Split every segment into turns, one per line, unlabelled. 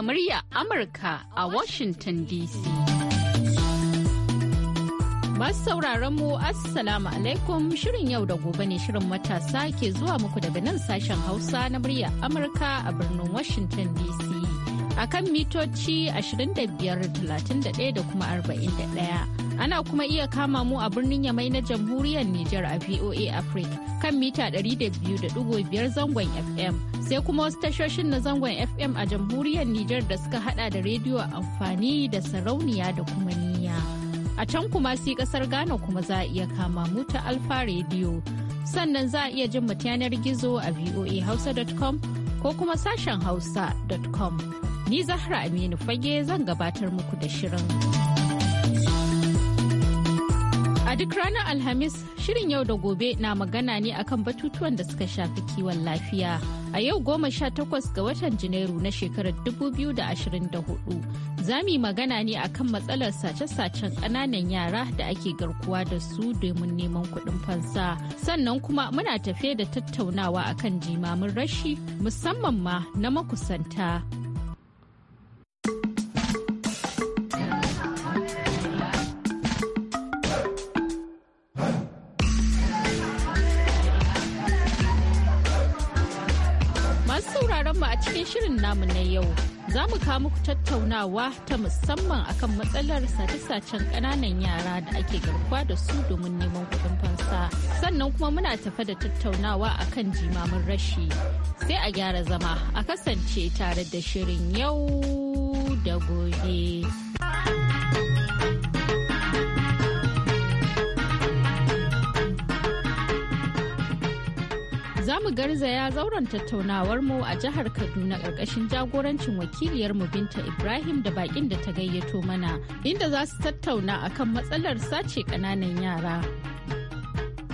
daga murya Amurka a Washington DC. Masu sauraron mu Assalamu alaikum shirin yau da gobe ne shirin matasa ke zuwa muku daga nan sashen Hausa na murya Amurka a birnin Washington DC. A kan mitoci 25, 31 da kuma 41. Ana kuma iya kama mu a birnin Yamai na jamhuriyar Nijar a VOA Africa kan mita 200.5 zangon FM. Sai kuma wasu tashoshin na zangon FM a jamhuriyar Nijar da suka hada da rediyo amfani da sarauniya da kuma niyya. A can kuma si kasar Ghana kuma za a iya kama mu ta Alfa Radio. Sannan za a iya jin mu yanar gizo a voahausa.com ko kuma sashen hausa.com. Ni Zahra Aminu Fage zan gabatar muku da shirin. A duk ranar Alhamis, shirin yau da gobe na magana ne akan batutuwan da suka shafi kiwon lafiya. A yau goma sha takwas ga watan Janairu na shekarar dubu biyu da ashirin hudu, za mu yi magana ne akan matsalar sace-sacen ƙananan yara da ake garkuwa da su domin neman kuɗin fansa. Sannan kuma muna tafe da tattaunawa akan jimamin rashi musamman ma na makusanta. cikin shirin namu na yau za mu kawo muku tattaunawa ta musamman akan matsalar sace-sacen ƙananan yara da ake garkuwa da su domin neman kuɗin fansa sannan kuma muna tafa da tattaunawa akan jimamin rashi sai a gyara zama a kasance tare da shirin yau da gobe. za mu garzaya zauren tattaunawar mu a jihar Kaduna ƙarƙashin jagorancin wakiliyar mu Binta Ibrahim da bakin da ta gayyato mana inda za su tattauna akan matsalar sace kananan yara.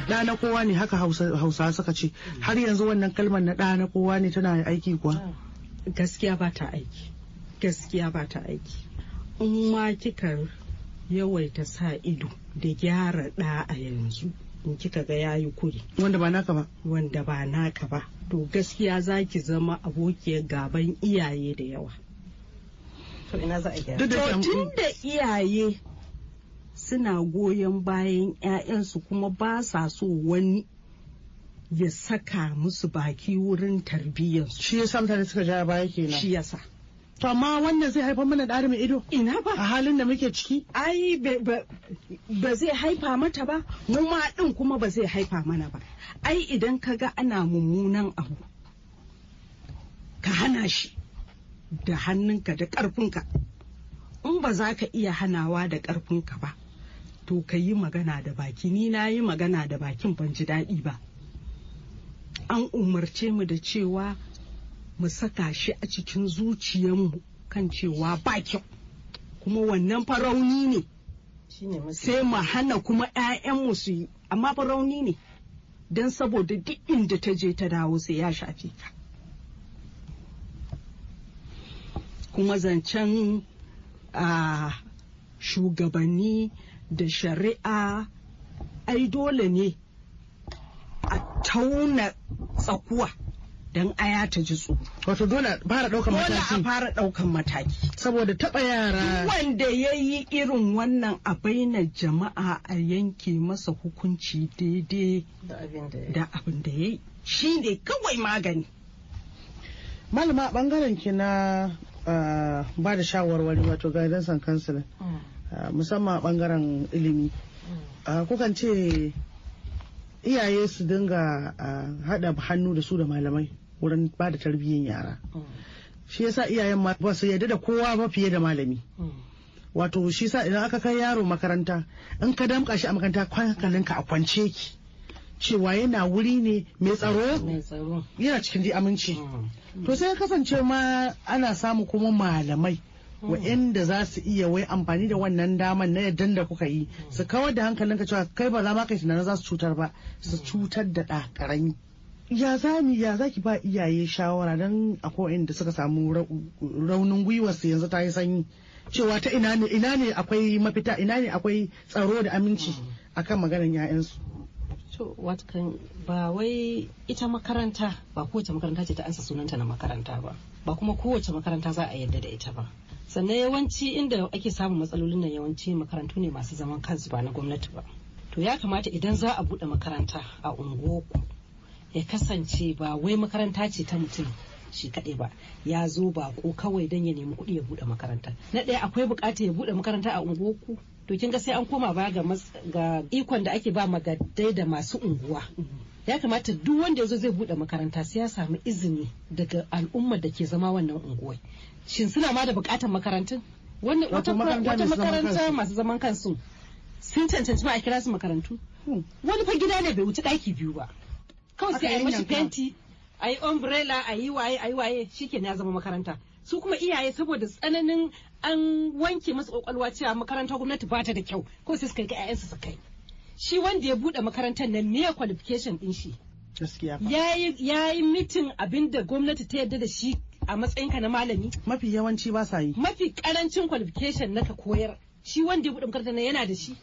ɗa na kowa ne haka hausa suka ce har yanzu wannan kalmar na ɗa na kowa ne tana aiki kuwa gaskiya ba ta aiki gaskiya ba ta
aiki in ma kika yawaita sa ido da gyara ɗa a yanzu in kika ga ya yi kuri wanda ba naka ba wanda ba naka ba to gaskiya za ki zama abokiyar gaban iyaye da yawa to ina za a gyara tun da iyaye suna goyon bayan 'ya'yansu kuma ba sa so wani ya saka musu baki wurin
tarbiyyarsu. Shi ya samta mutane suka ja baya kenan. Shi sa. To amma wannan zai haifar mana da mai ido? Ina ba. A halin da muke ciki? Ai ba zai haifa mata ba,
mu ma din kuma ba zai haifa mana ba. Ai idan ka ga ana mummunan abu, ka hana shi da hannunka da ƙarfinka. In ba za ka iya hanawa da ƙarfinka ba, to ka yi magana da baki, ni na yi magana da bakin ban ji daɗi ba. An umarce mu da cewa mu saka shi a cikin zuciyarmu kan cewa ba kyau kuma wannan farauni ne sai mu hana kuma 'ya'yanmu su yi amma farauni ne don saboda duk inda ta je ta dawo sai ya shafi ta kuma zancen a shugabanni da shari'a ai dole ne a tauna tsakuwa don aya ta ji tsoro. Wato dole a fara ɗaukan mataki. Dole a fara ɗaukan mataki. Saboda taɓa yara. Wanda ya yi irin wannan a baina jama'a a yanke masa
hukunci daidai da abin da ya yi. Shi ne kawai magani. Malama bangaren ki na ba da shawarwari wato guidance and counseling mm. Musamman a musamman bangaren ilimi. Mm. kukan ce iyaye su dinga haɗa hannu da su da malamai wurin ba da tarbiyyar yara shi yasa iyayen ma ba su yarda da kowa ba fiye da malami wato shi sa idan aka kai yaro makaranta in ka damka shi a makaranta ka a kwance ki cewa yana wuri ne mai tsaro yana cikin di aminci mm. Mm. to sai kasance ma ana samu kuma malamai mm. wa'inda za su iya wai amfani da wannan daman na yadda da kuka yi su kawar da hankalinka cewa kai ba za ma kai tunanin za su cutar ba su cutar da ɗakarai ya za ni ya za ki ba iyaye shawara don akwai inda suka samu raunin gwiwar su yanzu ta yi sanyi cewa ta ina ne ina ne akwai mafita ina ne akwai tsaro da aminci mm. akan maganar
'ya'yansu to ba wai ita makaranta ba kowace makaranta ce ta ansa sunanta na makaranta ba ba kuma kowace makaranta za a yadda da ita ba sannan yawanci inda ake samun matsalolin nan yawanci makarantu ne masu zaman kansu ba na gwamnati ba to ya kamata idan za a buɗe makaranta a unguwarku ya kasance ba wai makaranta ce ta mutum shi kaɗai ba ya zo ba ko kawai don ya nemi kuɗi ya buɗe makaranta na ɗaya akwai buƙata ya buɗe makaranta a unguwarku to kin ga sai an koma ba ga ikon da ake ba magadai da masu unguwa ya kamata duk wanda ya zo zai buɗe makaranta sai ya samu izini daga al'ummar da ke zama wannan unguwar shin suna ma da buƙatar makarantun wata makaranta masu zaman kansu sun cancanci ma a kira su makarantu hmm. wani fa gida ne bai wuce ɗaki biyu ba kawai sai a yi mashi fenti a umbrella a waye a yi waye shike ya zama makaranta su kuma iyaye saboda tsananin an wanke masu kwakwalwa cewa makaranta gwamnati bata da kyau ko sai suka yi ƴaƴan su kai shi wanda ya bude makarantar nan me qualification din shi gaskiya ya yi mitin abinda gwamnati ta yarda da shi a ka na malami mafi yawanci ba sa yi mafi karancin qualification na koyar shi wanda ya bude makarantar nan yana da shi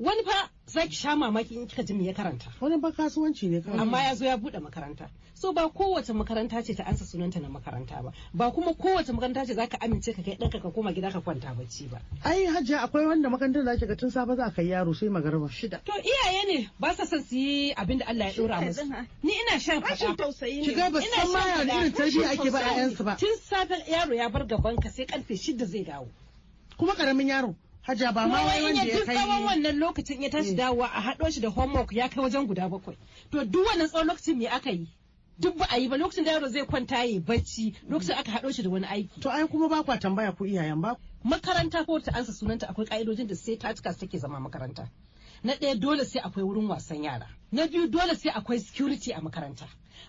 wani fa za ki sha mamaki in kika ji me ya karanta wani fa kasuwanci ne kawai amma ya zo ya bude makaranta so ba kowace makaranta ce ta ansa sunanta na makaranta ba ba kuma kowace makaranta ce zaka amince ka kai ɗanka ka koma gida ka kwanta bacci ba
ai hajja akwai wanda makarantar da ga tun safa za ka yi yaro sai magarba shida to
iyaye ne ba sa son su yi abin da Allah ya dora musu ni ina shan fada rashin tausayi ne shiga ba san ma yana irin tarbiyya ake ba ƴaƴansu ba tun safe yaro ya bar gaban ka sai karfe shida zai dawo kuma karamin yaro Hajiya ba ma wai wanda ya kai. tsawon wannan lokacin ya tashi eh. dawowa a haɗo shi da homework ya kai wajen guda bakwai. To duk wannan tsawon lokacin me aka yi? Duk ba a yi ba lokacin da yaro zai kwanta ya bacci lokacin aka haɗo shi da wani aiki. To ai kuma ba kwa tambaya ko iyayen ba. Makaranta ko ta ansa sunanta akwai ka'idojin da sai ta cika take zama makaranta. na ɗaya dole sai akwai wurin wasan yara na biyu dole sai akwai security a makaranta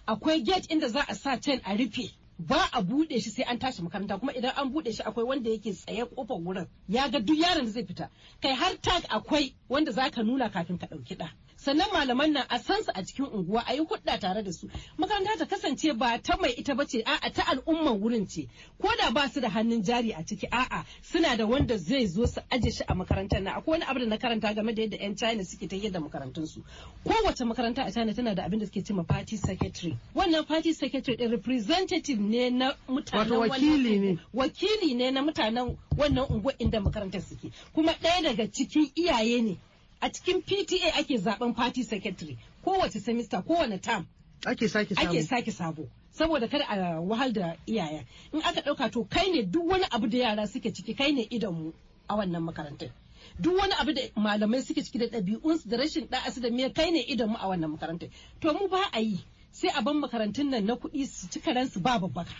akwai gate inda za a sa chain a rufe ba a bude shi sai an tashi makaranta kuma idan an bude shi akwai wanda yake tsaye kofar wurin ya ga duk yaron da zai fita kai har tag akwai wanda zaka nuna kafin ka dauki da sannan malaman nan a san su a cikin unguwa a yi hudda tare da su makaranta ta kasance ba ta mai ita bace a'a ta al'umman wurin ce ko da ba su da hannun jari a ciki a'a suna da wanda zai zo su aje shi a makarantar nan akwai wani abu da na karanta game da yadda yan China suke ta yadda makarantun su kowace makaranta a China tana da abin da suke ma party secretary wannan party secretary din representative ne na mutanen wakili ne wakili ne na mutanen wannan unguwa inda makarantar suke kuma ɗaya daga cikin iyaye ne a cikin PTA ake zaben party secretary kowace semester kowane term ake sake sabo ake sake sabo saboda kada a wahal da iyaye in aka dauka to kai ne duk wani abu da yara suke ciki kai ne idan mu a wannan makarantar duk wani abu da malamai suke ciki da su da rashin su da me kai ne idan mu a wannan makarantar to mu ba a yi sai a ban makarantun nan na kuɗi su cika ransu ba babbaka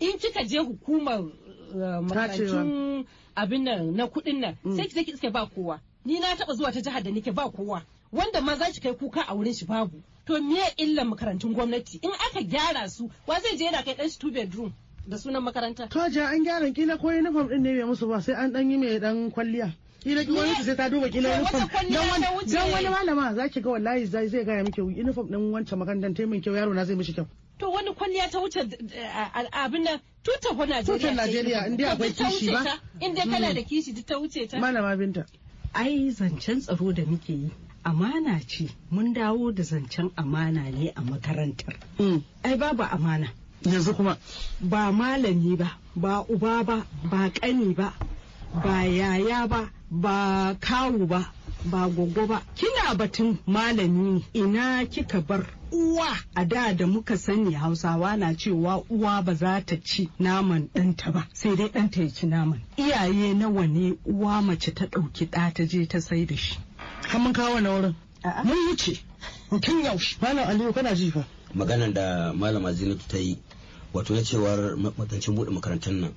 in kika je hukumar eh, makarantun abin nan na kuɗin nan mm. sai ki ba kowa ni na taɓa zuwa ta jihar da nake ba kowa wanda ma za ki kai kuka a wurin shi babu to miye illan makarantun gwamnati in aka gyara su wa zai je yana kai dan shi two bedroom da sunan makaranta.
To ja an gyara kila ko uniform din ne bai musu ba sai an dan yi mai dan kwalliya. Kila ki wani sai ta duba kila uniform dan wani malama zaki ga wallahi zai zai ga miki uniform din wancan makarantar ta min kyau yaro na zai mishi kyau.
To wani kwalliya ta wuce eh, eh, abin nan tutar Najeriya. Tutar Najeriya inda akwai kishi ba. Inda kana mm. da kishi ta wuce ta. Malama Binta. ai zancen tsaro da muke yi amana ce mun dawo da zancen amana ne a makarantar mm. ai babu amana yanzu kuma ba malami ba ba uba ba ba kani ba ba yaya ba ba kawu ba ba gogo ba kina batun malami ina kika bar uwa a da da muka sani hausawa na cewa uwa ba za ta ci naman ɗanta ba sai dai ɗanta ya ci naman iyaye nawa ne uwa mace ta ɗauki ɗa ta je ta sai da shi mun kawo na wurin
mun wuce tun yaushe malam aliyu kana ji fa
maganan da malama zinatu ta yi wato na cewar matancin buɗe makarantar nan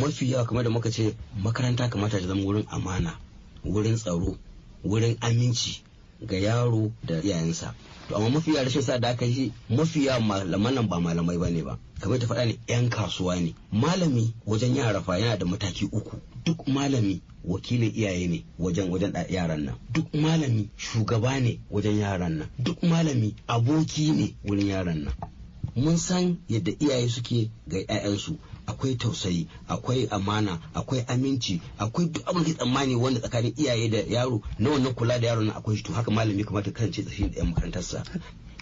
mafi yawa kamar da muka ce makaranta kamata ta zama wurin amana wurin tsaro wurin aminci ga yaro da iyayensa to amma mafiya rashin sa da aka yi mafiya malaman nan ba malamai bane ba kamar ta faɗa ne yan kasuwa ne malami wajen yara fa yana da mataki uku duk malami wakilin iyaye ne wajen wajen yaran nan duk malami shugaba ne wajen yaran nan duk malami aboki ne wurin yaran nan mun san yadda iyaye suke ga 'ya'yansu akwai tausayi akwai amana akwai aminci akwai duk abin da tsammani wanda tsakanin iyaye da yaro na wannan kula da yaro na akwai shi to haka malami kamata kasance tsakanin da yan makarantarsa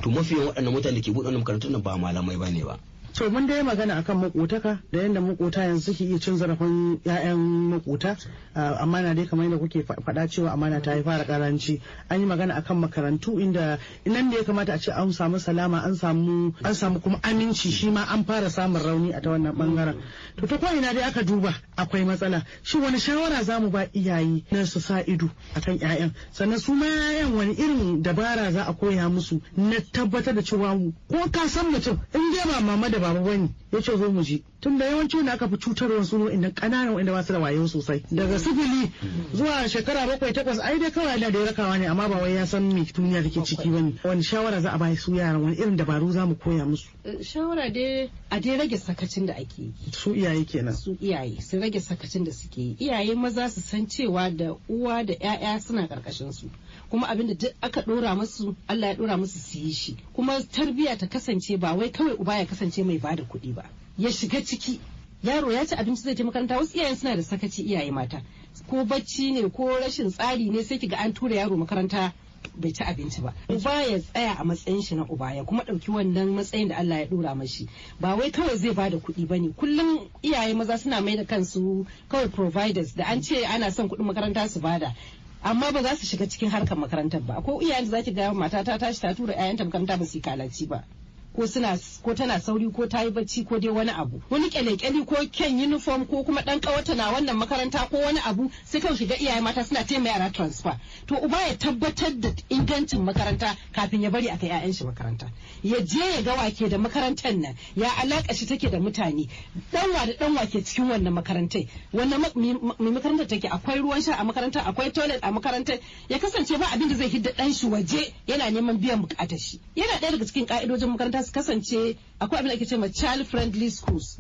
to mafi yawan waɗannan mutane da ke buɗe wannan makarantar ba malamai ne ba
so mun dai magana akan makotaka da yadda makota yanzu ke iya cin zarafin 'ya'yan makota ah, amana dai kamar yadda kuke faɗa cewa amana ta yi fara karanci an yi magana akan makarantu inda nan da ya kamata a ce an samu salama an samu an samu kuma aminci shi ma an fara samun rauni a ta wannan bangaren to ta ina dai aka duba akwai matsala shi wani shawara za mu ba iyaye na su sa ido akan 'ya'yan sannan su ma 'ya'yan wani irin dabara za a koya musu na tabbatar da cewa ko ka san mutum in dai ba mama da ba mu bane ya ce zo mu je tun da yawanci wanda aka fi cutarwa su inda ƙananan wanda ba su da wayo sosai daga sifili zuwa shekara bakwai takwas ai dai kawai da ya rakawa ne amma ba wai ya san me duniya take ciki bane wani shawara za a ba su yaran wani irin dabaru za mu koya musu
eh, shawara dai a dai rage sakacin da ake yi su
iyaye kenan
su iyaye su rage sakacin da suke yi iyaye maza su san cewa da uwa da 'ya'ya suna karkashin su kuma abin da aka dora musu Allah ya dora musu su yi shi kuma tarbiyya ta kasance ba wai kawai uba ya kasance mai bada kuɗi ba ya shiga ciki yaro ya ci abinci zai je makaranta wasu iyayen suna da sakaci iyaye mata ko bacci ne ko rashin tsari ne sai kiga an tura yaro makaranta bai ci abinci ba uba ya tsaya a matsayin shi na uba ya kuma ɗauki wannan matsayin da Allah ya dora mashi ba wai kawai zai bada kuɗi bane kullum iyaye maza suna mai da kansu kawai providers da an ce ana son kuɗin makaranta su bada amma ba za su shiga cikin harkar makarantar ba ko iyayen za ki ga mata ta tashi ta tura 'ya'yanta makaranta ba su yi kalaci ba ko suna ko tana sauri ko ta yi bacci ko dai wani abu wani kyalekyali ko kyan uniform ko kuma dan kawata na wannan makaranta ko wani abu sai kan shiga iyaye mata suna taimaka yara transfer to uba ya tabbatar da ingancin makaranta kafin ya bari aka 'ya'yan shi makaranta ya je ya ga wake da makarantar nan ya alaka shi take da mutane danwa da danwa ke cikin wannan makarantai wannan makarantar take akwai ruwan sha a makarantar akwai toilet a makarantar ya kasance ba abin da zai hidda dan shi waje yana neman biyan bukatar shi yana daya daga cikin ka'idojin makaranta kasance akwai abin da ake cewa child friendly schools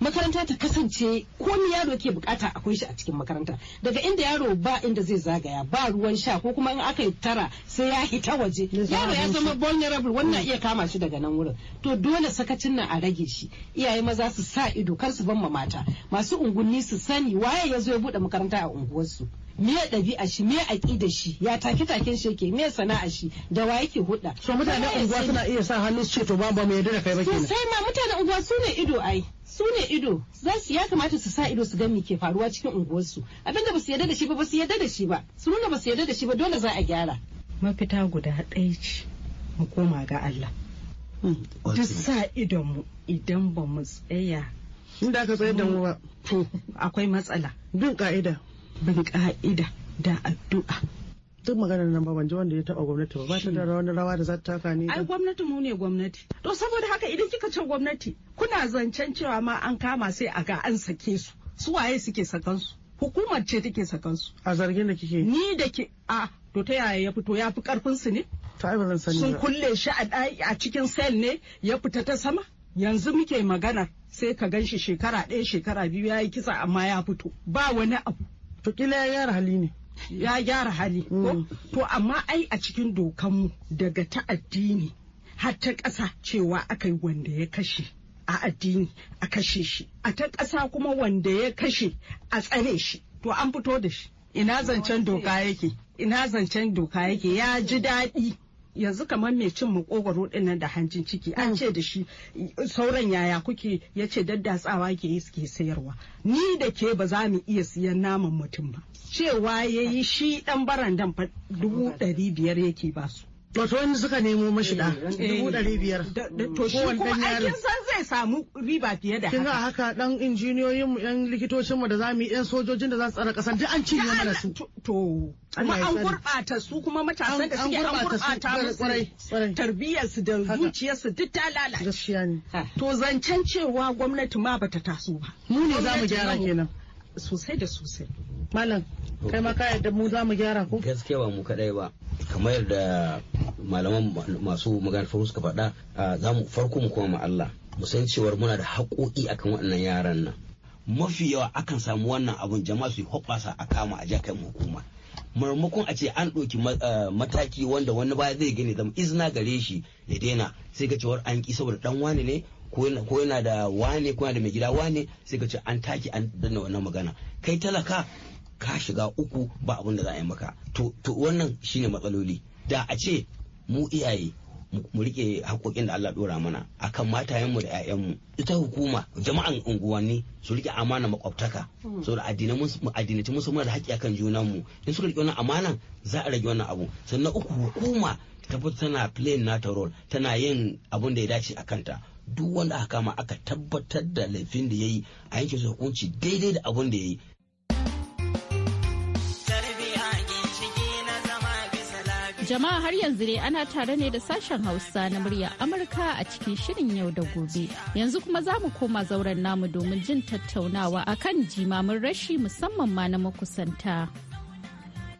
makaranta ta kasance ko ni yaro ke bukata akwai shi a cikin makaranta daga inda yaro ba inda zai zagaya ba ruwan sha ko kuma in aka yi tara sai ya hita waje yaro ya zama vulnerable wannan mm. iya kama shi daga nan wurin to dole sakacin nan a rage shi iyaye maza su sa ido kar su ban mata masu unguwanni su sani waye ya zo ya bude makaranta a unguwarsu me ɗabi'a shi me da shi ya take taken shi yake me sana'a shi da wa yake huɗa. so mutanen unguwa suna iya
sa hannu su ce to ba mu yarda da kai ba kenan sai
ma mutanen unguwa su ne ido ai su ne ido za su ya kamata su sa ido su ga me ke faruwa cikin unguwarsu abinda ba su yarda da shi ba ba su yarda da shi ba su nuna ba su yarda da shi ba dole za a gyara mafita guda ɗaya ce mu koma ga Allah hmm. duk sa mu idan ba mu tsaya
inda aka tsaya da mu ba to akwai matsala bin ka'ida bin ka'ida da addu'a duk maganar nan ba ban ji wanda ya taba gwamnati ba ba ta da wani rawa da za ta taka ni ai
gwamnati mu ne gwamnati to saboda haka idan kika ce gwamnati kuna zancen cewa ma an kama sai a ga an sake su su waye suke sakan su hukumar ce take sakan su a zargin da kike ni da ke a to ta yaya ya fito ya fi karfin su ne ta ai ba zan sani sun kulle shi a a cikin sel ne ya fita ta sama yanzu muke magana sai ka ganshi shekara ɗaya shekara biyu ya yi kisa amma ya fito ba wani abu to kila ya gyara hali ne ya gyara hali mm. to amma ai a cikin dokanmu daga ta addini har ta ƙasa cewa aka yi wanda ya kashe a addini a kashe shi a ta ƙasa kuma wanda ya kashe a tsare shi to an fito da shi ina zancen doka yake ina zancen doka yake ya ji daɗi yanzu kamar mai cin makogwaro dinnan da hancin ciki an mm. ce da shi sauran yaya kuke ya ce daddatsawa ke yi suke sayarwa ni da ke ba za mu iya siyan naman mutum ba cewa ya yi shi dan barandan dubu ɗari biyar yake ba su
wato wani suka nemo mashi da eh, dubu ɗari biyar to shi kuma aikin zai samu riba fiye da haka. Kinga haka dan injiniyoyin mu yan likitocin mu da zamu yi yan sojojin da za su tsara kasar duk an cinye mana su. To kuma an gurɓata
su kuma matasan da suke an gurɓata musu tarbiyyar su da zuciyar su duk ta lalace. Gaskiya ne. To zancen cewa gwamnati ma bata taso ba. Mu ne zamu gyara kenan. Sosai da sosai.
Malam, kai ma ka yadda mu za mu gyara ko?
Gaskiya ba mu kadai ba. Kamar yadda malaman masu magana suka faɗa za mu farko mu koma Allah musan cewar muna da haƙoƙi akan waɗannan yaran nan mafi yawa akan samu wannan abun jama'a su hoɓasa a kama a jakai hukuma marmakon a ce an ɗauki eh, mataki wanda wani baya zai gani zama izina gare shi ya daina sai ka cewar an ƙi saboda ɗan wani ne ko yana da wane ko yana da mai gida wane sai ka ce an taki an danna wannan magana kai talaka ka shiga uku ba abin da za a yi maka to wannan shine matsaloli da a ce mu iyaye mu rike haƙoƙin da Allah dora mana akan mu da mu. ita hukuma jama'an unguwanni su rike amana makwabtaka mm. saboda addinai mu suna da haƙƙi akan junanmu in suka rike wannan amana za a rage wannan abu sannan uku hukuma ta tabbatar tana playing nata role tana yin abun da ya dace a kanta duk wanda aka kama aka tabbatar da laifin da ya yi a yanke su hukunci daidai da abun da ya yi
Jama'a har yanzu ne ana tare ne da sashen Hausa na murya Amurka a cikin shirin yau da gobe. Yanzu kuma za mu koma zauren namu domin jin tattaunawa akan jimamin rashi musamman ma na makusanta.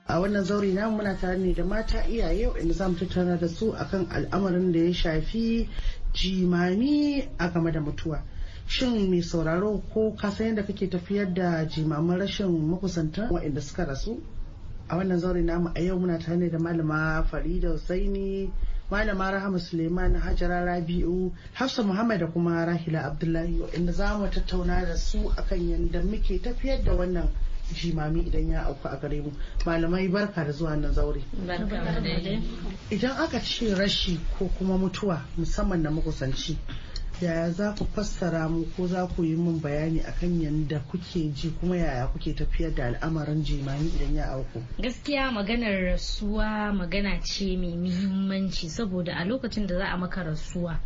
a wannan zauri namu muna tare ne da mata iyaye inda za mu tattauna da su akan al'amarin da ya shafi jimami a game da mutuwa shin mai sauraro ko kasan yadda kake tafiyar da jimamin rashin makusanta waɗanda suka rasu a wannan zaure namu a yau muna tare da malama farida husaini malama rahama suleiman hajara rabi'u hafsa muhammad da kuma rahila abdullahi inda za mu tattauna da su akan yadda muke tafiyar da wannan jimami idan ya auku a gare mu malamai barka da zuwa nan zaure idan aka ce rashi ko kuma mutuwa musamman na makusanci yaya za ku fassara mu ko za ku yi min bayani akan yadda kuke ji kuma yaya kuke tafiyar da al'amarin jimani idan ya auku
gaskiya maganar rasuwa magana ce mai muhimmanci saboda a lokacin da za a maka rasuwa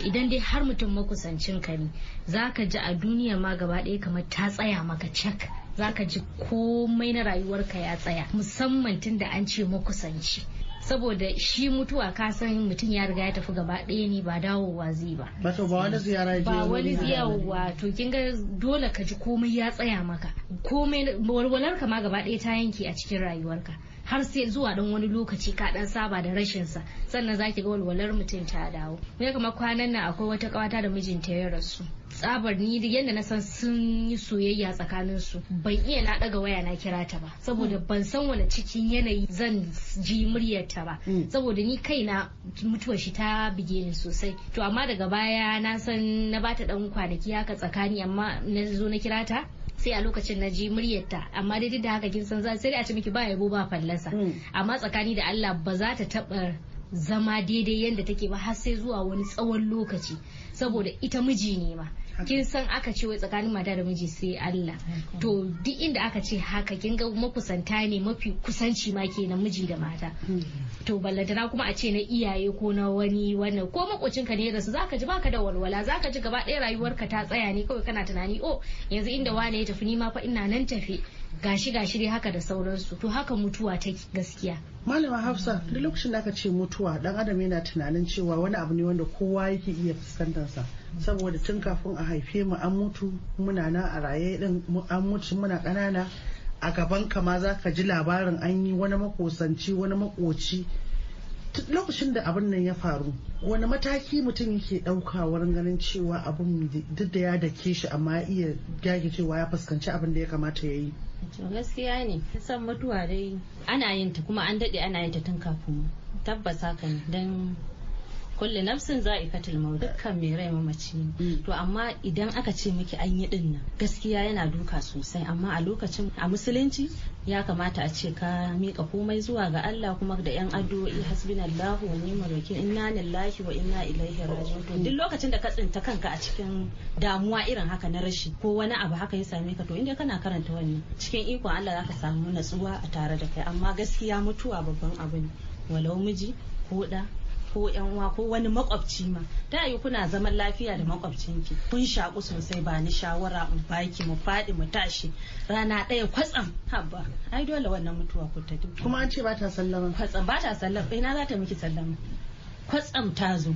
idan dai har mutum makusancin ka ne za ka ji a duniya ma gaba ɗaya kamar ta tsaya maka cak za ka ji komai na rayuwarka ya tsaya musamman tun da an ce makusanci saboda shi mutuwa ka san mutum ya riga ya tafi gaba ɗaya ne ba dawowa zai ba
wato ba wani ziyara ya ba wani ziyarwa
to kin ga dole ka ji komai ya tsaya maka komai walwalar ka ma gaba ɗaya ta yanke a cikin rayuwarka har sai zuwa dan wani lokaci ka ɗan saba da rashin sa sannan zaki ga walwalar mutum ta dawo me kuma kwanan nan akwai wata kawata da mijinta ya rasu tsabar ni yadda na san sun yi soyayya tsakanin su ban iya na daga waya na kira ta ba saboda hmm. ban san wani cikin yanayi zan ji muryar ta ba hmm. saboda ni kaina mutuwar shi ta bige ni sosai to amma daga baya na san na bata dan kwanaki haka tsakani amma na zo na kira ta sai a lokacin na ji muryarta amma daidai da haka kin san sai a ce miki ba yabo ba fallasa hmm. amma tsakani da Allah ba za ta taba zama daidai yadda take ba har sai zuwa wani tsawon lokaci saboda ita miji ne ma kin san aka ce wai tsakanin mata da miji sai Allah to duk inda aka ce haka kin ga makusanta ne mafi kusanci ma kenan miji da mata hmm. to na kuma a ce na iyaye ko na wani wannan ko makocin ka ne da su zaka ji baka da walwala zaka ji gaba ɗaya rayuwarka ta tsaya ne kawai kana tunani oh yanzu inda wane ya tafi ni ma fa ina nan tafi gashi gashi dai haka da sauransu to haka mutuwa ta gaskiya
malama hafsa duk lokacin da aka ce mutuwa dan adam yana tunanin cewa wani abu ne wanda kowa yake iya fuskantar sa. saboda tun kafin a haife mu an mutu muna nan a raye din an mutu muna kanana a gaban ka ma za ka ji labarin an yi wani makosanci wani makoci lokacin da abin nan ya faru wani mataki mutum yake ɗauka wurin ganin cewa abin duk da ya dake shi amma iya gyage cewa ya fuskanci abin da ya kamata ya yi
gaskiya ne san mutuwa dai ana yin ta kuma an daɗe ana yin ta tun kafin tabbas haka dan kulle nafsin za a za'iqatul maut dukkan mai rai mamaci ne mm. to amma idan aka ce miki an yi din nan gaskiya yana duka sosai amma a lokacin a musulunci ya kamata a ce ka mika komai zuwa ga Allah kuma da yan addu'o'i hasbinallahu wa ni'mal wakil inna lillahi wa inna ilaihi raji'un to duk lokacin da ka tsinta kanka a cikin damuwa irin haka na rashi ko wani abu haka ya same ka to inda kana karanta wannan cikin ikon Allah zaka samu natsuwa a tare da kai amma gaskiya mutuwa babban abu ne walau miji ko da ko yan uwa ko wani makwabci ma ta yi kuna zaman lafiya da makwabcinki kun shaku sosai ba ni shawara in baki mu faɗi mu tashi rana ɗaya kwatsam habba ai dole wannan mutuwa ku ta kuma an ce ba ta sallama kwatsam ba ta sallama ina za ta miki sallama kwatsam ta zo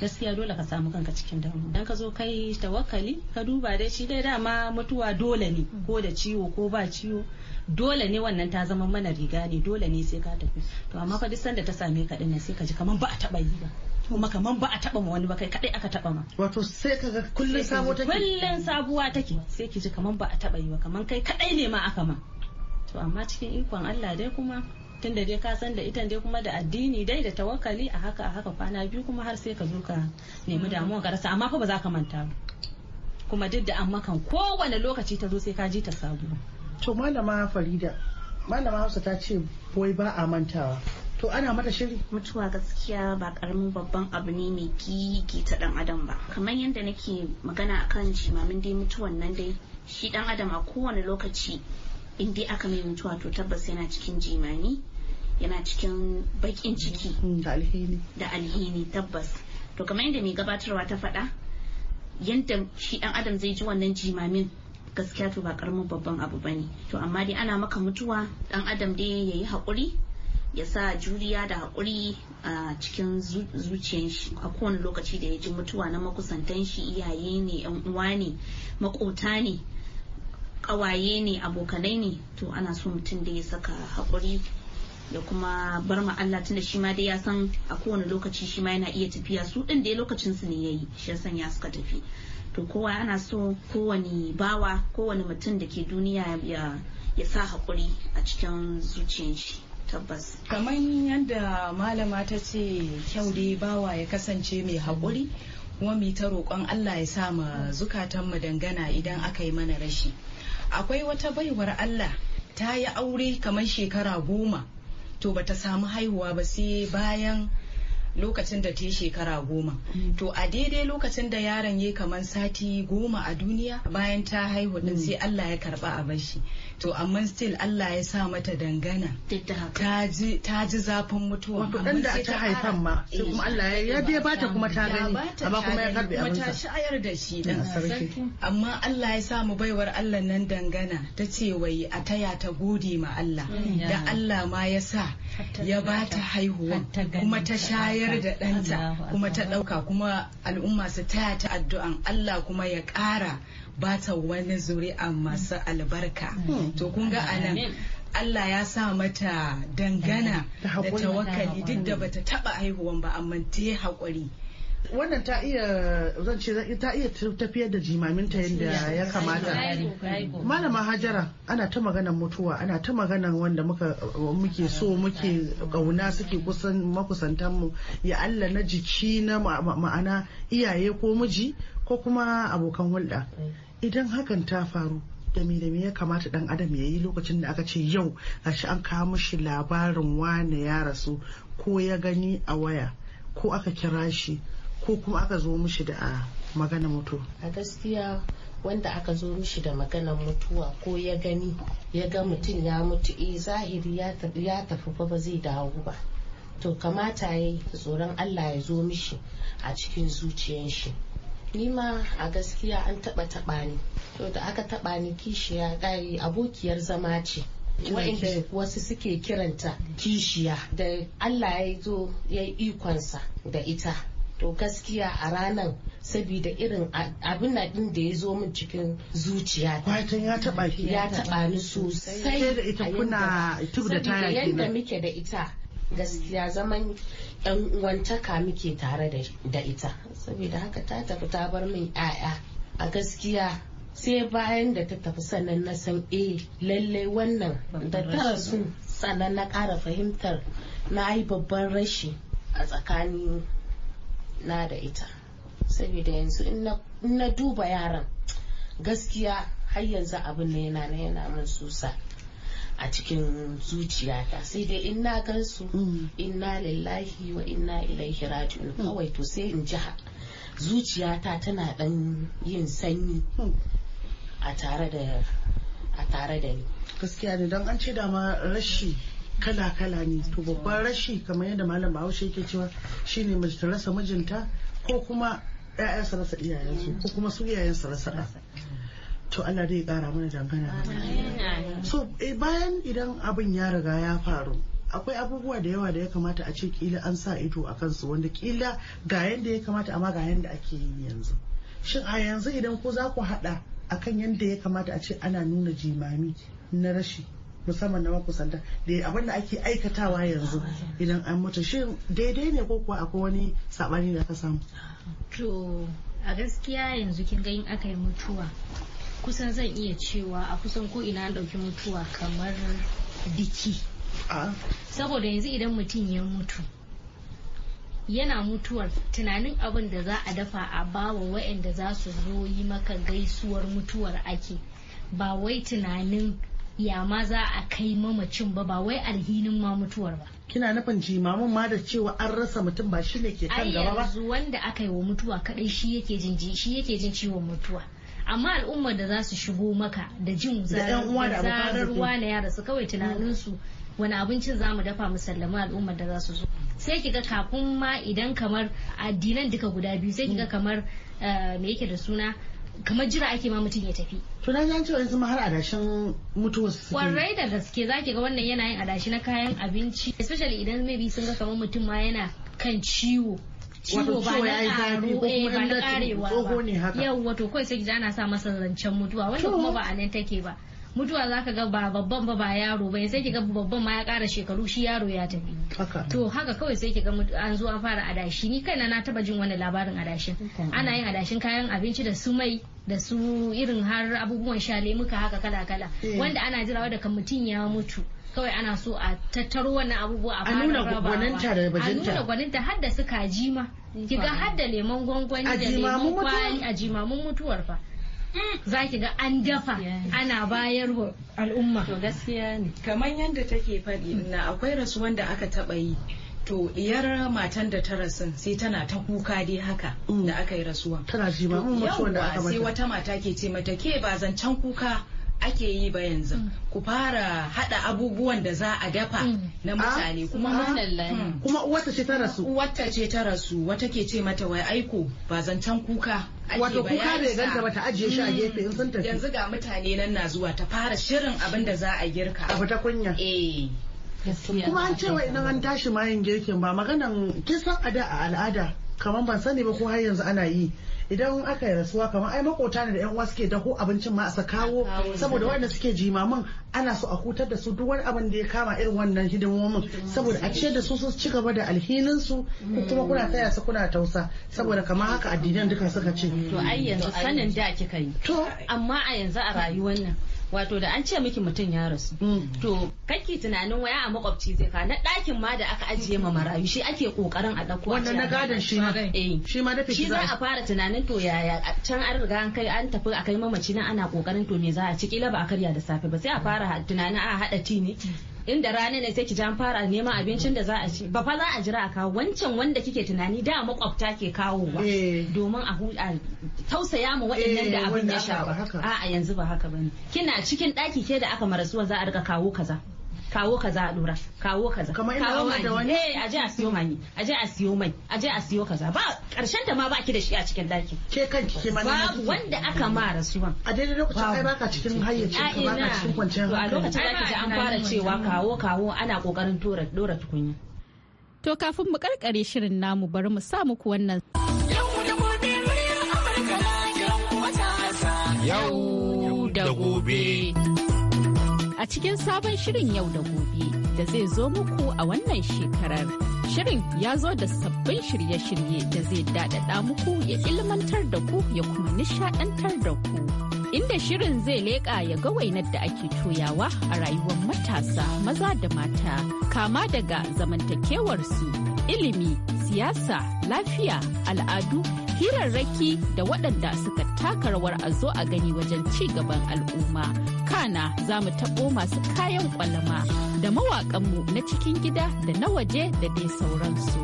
gaskiya dole ka samu kanka cikin damu. dan ka zo kai tawakkali ka duba dai shi dai dama mutuwa dole ne mm. ko da ciwo ko ba ciwo dole ne wannan ta zama mana riga ne dole ne sai ka tafi to amma fa duk sanda ta same ka dinnan sai ka ji kaman ba a taba yi ba kuma kaman ba a taba ma wani ba kai kadai aka taba ma wato sai ka ga kullun sabuwa take kullun sabuwa take sai ki ji kaman ba a taba yi ba kaman kai kadai ne ma aka ma to amma cikin ikon Allah dai kuma tunda dai ka san da ita dai kuma da addini dai da tawakkali a haka a haka kwana biyu kuma har sai ka zo ka nemi mm. damuwa ka rasa amma fa ba za ka manta ba kuma duk da amma kan kowane lokaci ta zo sai ka ji ta sabu. to malama
farida malama hausa ta ce wai ba a mantawa to ana mata shiri mutuwa
gaskiya ba karamin babban abu ne mai gigi ta dan adam ba kamar yadda nake magana akan jimamin dai mutuwan nan dai shi dan adam a kowane lokaci in dai aka mai mutuwa to tabbas yana cikin jimami. yana cikin baƙin ciki hmm, da alhini tabbas to kamar yadda mai gabatarwa ta faɗa yadda shi ɗan adam zai ji wannan jimamin gaskiya to ba karamin babban abu ba ne to amma dai ana maka mutuwa ɗan adam dai ya yi haƙuri ya sa juriya da haƙuri a cikin zuciyar shi a kowane lokaci da ya ji mutuwa na makusantan shi iyaye ne yan uwa ne makota ne ƙawaye ne abokanai ne to ana so mutum da ya saka haƙuri da kuma bar ma Allah tunda shi ma dai ya san a kowane lokaci shi ma yana iya tafiya su din da lokacin su ne yayi shi san ya suka tafi to kowa ana so kowane bawa kowane mutum da ke duniya ya sa haƙuri a cikin zuciyar shi tabbas kamar yadda malama ta
ce kyau dai bawa ya kasance mai haƙuri kuma mai ta roƙon Allah ya sa ma mu dangana idan aka yi mana rashi akwai wata baiwar Allah ta yi aure kamar shekara goma to bata samu haihuwa ba sai bayan lokacin da ta yi shekara goma mm. to a daidai lokacin da yaron ya kaman sati goma a duniya bayan ta haihu din mm. sai Allah ya karba a bashi to amma still Allah ya sa mata dangana ta ji zafin mutuwa wato ɗan da ta haifan ma eh, kuma Allah ya ya bata kuma ta gani amma kuma ya karbe Kuma ta shayar da shi sarki. amma Allah ya sa mu baiwar Allah nan dangana ta ce wai a taya ta gode ma Allah mm, da Allah ma ya sa ya bata haihuwa kuma ta shayar ciyar da ɗanta kuma ta ɗauka kuma al'umma su taya ta addu'an Allah kuma ya ƙara ba ta wani zuri'a masu albarka to kun ga anan
Allah ya sa mata
dangana da tawakkali duk da bata taɓa
haihuwan ba amma ta haƙuri
wannan ta iya zan ce ta iya tafiyar da jimaminta yadda ya kamata malama hajara ana ta maganan mutuwa ana ta maganan wanda muke so muke kauna suke kusan makusantan mu ya Allah na jiki na ma'ana iyaye ko miji ko kuma abokan hulɗa idan hakan ta faru da dami ya kamata dan adam ya yi lokacin da aka ce yau gashi an kawo mishi labarin wane ya rasu ko ya gani a
waya ko aka kira shi ko kuma aka zo mishi da magana mutu a gaskiya wanda aka zo mishi da magana mutuwa ko ya gani ya ga mutum ya mutu eh zahiri ya tafi ba zai dawo ba to kamata ya yi tsoron allah ya zo mishi a cikin zuciyan shi nima a gaskiya an taba taba ni to da aka taba ni kishiya ɗari abokiyar zama ce wa'inda wasu suke kiranta kishiya da allah ya zo ya yi ikonsa da ita to gaskiya a ranan saboda irin abin na din da ya zo min cikin zuciya ta ya taba ya taba ni sosai da ita kuna tuk da yanda muke da ita gaskiya zaman yan uwantaka muke tare da ita saboda haka ta tafi ta bar min 'ya'ya a gaskiya sai bayan da ta tafi sannan na san eh lallai wannan da ta rasu sannan na ƙara fahimtar na yi babban rashi a tsakanin na da ita saboda yanzu in na duba yaran gaskiya har yanzu abin ne yana na yana min susa a cikin zuciyata sai dai in na gansu mm. inna lillahi wa inna ilaihi raji'un mm. kawai to sai in ji zuciyata tana dan yin sanyi mm. a tare da ni gaskiya ne
don an ce dama rashi kala-kala ne to babban rashi kamar yadda malam bahaushe yake cewa shine mace ta rasa mijinta ko kuma su rasa iyayensu ko kuma su su rasa da to Allah zai kara mana dangana so eh, bayan idan abin ya riga ya faru akwai abubuwa da yawa da ya kamata a ce kila an sa ido a kansu wanda kila ga yanda ya kamata amma ga yanda ake yi yanzu shin a yanzu idan ko za ku hada akan yadda ya kamata a ce ana nuna jimami na rashi musamman na makusanta da abin da ake aikatawa yanzu idan an mutu shi daidai ne ko kuwa akwai wani sabani da ka samu
to a gaskiya yanzu kin ga yin aka yi mutuwa kusan zan iya cewa a kusan ko ina an ɗauki mutuwa kamar biki saboda yanzu idan mutum ya mutu yana mutuwar tunanin abin da za a dafa a bawa waɗanda za su zo yi maka gaisuwar mutuwar ake ba wai tunanin ya ma za a kai mamacin ba ba wai alhinin ma mutuwar ba kina nufin jimamin ma da cewa an rasa mutum ba shi ne ke kan gaba ba yanzu wanda aka yi wa mutuwa kadai shi yake jin shi yake jin ciwon mutuwa amma al'ummar da za su shigo maka da jin zarar na yara su kawai tunaninsu wani abincin za mu dafa musallama al'ummar da za su zo sai kiga kafin ma idan kamar addinan duka guda biyu sai kiga kamar eh, me yake da suna kamar jira ake ma mutum ya tafi.
To na ji an ma har adashin mutuwar su. Kwarai
da gaske zaki ga wannan yana yin adashi na kayan abinci especially idan maybe sun ga kamar mutum ma yana kan ciwo. Ciwo eh, ba na ƙaro ba na ƙarewa ba. Yau wato kawai sai ana sa masa zancen mutuwa wanda kuma ba a nan take ba. mutuwa za ka ga ba babban ba ba yaro ba sai ki ga babban ma ya kara shekaru shi yaro ya tafi to haka kawai sai ki ga an zo an fara adashi ni kaina na taba jin wannan labarin adashin ana yin adashin kayan abinci da su mai da su irin har abubuwan sha lemuka haka kala kala eh. wanda ana jirawa daga mutum ya mutu kawai ana so a tattaro wannan abubuwa a fara rabawa a nuna gwaninta har da su kaji ma kiga har da lemon gwangwani da lemon kwali a jimamun mutuwar fa za ki ga an dafa ana bayar wa al'umma to gaskiya
ne kamar yadda take faɗi na akwai rasuwan da aka taɓa yi to iyar matan
da ta rasu sai tana ta kuka dai haka mm. da aka yi rasuwa
tana ji ba mm, sai wata
mata ke ce mata ke ba zancen kuka ake yi ba yanzu mm. ku fara
hada abubuwan da za a dafa mm. na mutane ah, kuma ah, hmm.
kuma uwarta ce ta rasu
uwarta ce ta rasu wata ke ce mata wai aiko ba zancen kuka wato kuka bai ganta ba ta ajiye shi a gefe in sun tafi yanzu ga mutane nan na zuwa ta fara shirin abin da za a girka a
fita kunya eh kuma an ce wai idan an tashi mayin girkin ba maganan kisan ada a al'ada kamar ban sani ba ko har yanzu ana yi idan aka yi rasuwa kamar ai makota ne da yan uwa suke daho abincin ma a kawo saboda wanda suke jimamin ana so a kutar da su duk wani abin da ya kama irin wannan hidimomin saboda a ce da su su ci gaba da alhinin su mm. kuma kuna taya su kuna tausa saboda kamar haka addinan duka suka ce to ai yanzu sanin
da kika yi to amma a yanzu a rayuwar nan wato da an ce miki mutum ya rasu mm. to kake tunanin waya a makwabci zai ka na ɗakin ma da aka ajiye ma marayu shi ake kokarin a ɗauko wannan na gadon shi ma eh. shi ma da shi za a fara tunanin to yaya can an riga an kai an tafi a kai mamaci nan ana kokarin to me za a ci kila ba a karya da safe ba sai a fara tunanin a haɗa ti ne inda rana ne sai ki jan fara neman abincin da za a ci ba fa za a jira a kawo wancan wanda kike tunani da makwabta ke kawowa eh. domin a tausaya mu waɗannan da eh, abin ya ba a yanzu ba haka bane kina cikin ɗaki ke da aka marasuwa za a rika kawo kaza kawo kaza a dora kawo kaza kamar ina wani da wani eh aje a siyo mani aje a siyo mai aje a siyo kaza ba karshen ta ma ba ki da shi a cikin daki ke kanki ke mana babu wanda aka ma rasuwan
a daidai lokacin ai baka cikin hayyacin ka baka cikin kwanciyar hankali a lokacin da kaji an fara cewa kawo kawo ana kokarin tora dora tukunya to kafin mu karkare shirin namu bari mu sa muku wannan Yau da gobe. a cikin sabon shirin yau da gobe da zai zo muku a wannan shekarar. Shirin ya zo da sabbin shirye-shirye da zai daɗaɗa muku ya ilmantar da ku ya kuma nishaɗantar da ku. Inda shirin zai leƙa ya ga wainar da ake toyawa a rayuwar matasa maza da mata, kama daga zamantakewarsu, ilimi, siyasa, lafiya, al'adu hirarraki da waɗanda suka taka rawar a zo a gani wajen ci gaban al'umma. Kana za mu taɓo masu kayan kwalama. da mawaƙanmu na cikin gida da na waje da dai sauransu.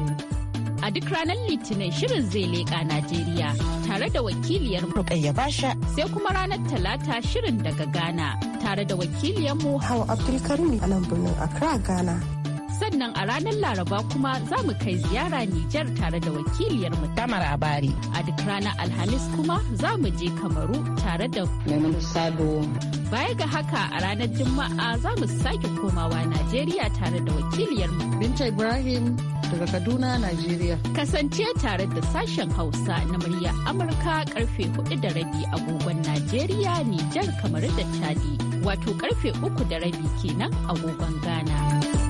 A duk ranar Litinin shirin zai leƙa Najeriya tare da wakiliyar Rukayya Basha sai kuma ranar Talata shirin daga Ghana tare da wakiliyarmu Hawa Abdulkarim a nan Accra Ghana. sannan a ranar laraba kuma za mu kai ziyara Nijar tare da wakiliyar mu Tamar Abari. A duk ranar Alhamis kuma za mu je Kamaru tare da Sado. Baya ga haka a ranar Juma'a za mu sake komawa Najeriya tare da wakiliyar mu Binta Ibrahim daga Kaduna, Najeriya. Kasance tare da sashen Hausa na murya Amurka karfe 4 da rabi agogon Najeriya, Nijar, kamar da Chadi. Wato karfe 3 da rabi kenan agogon Ghana.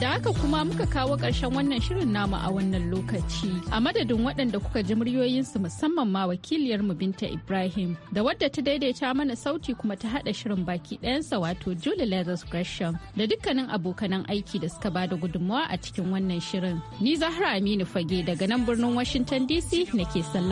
Da haka kuma muka kawo ƙarshen wannan shirin namu a wannan lokaci. A madadin waɗanda kuka ji muryoyinsu musamman ma wakiliyar mu Binta Ibrahim da wadda ta daidaita mana sauti kuma ta haɗa shirin baki ɗayansa wato Julie Leathers Gresham da dukkanin abokanan aiki da suka bada gudunmawa a cikin wannan shirin. Ni Zahra Aminu Fage daga nan birnin Washington DC nake sallama.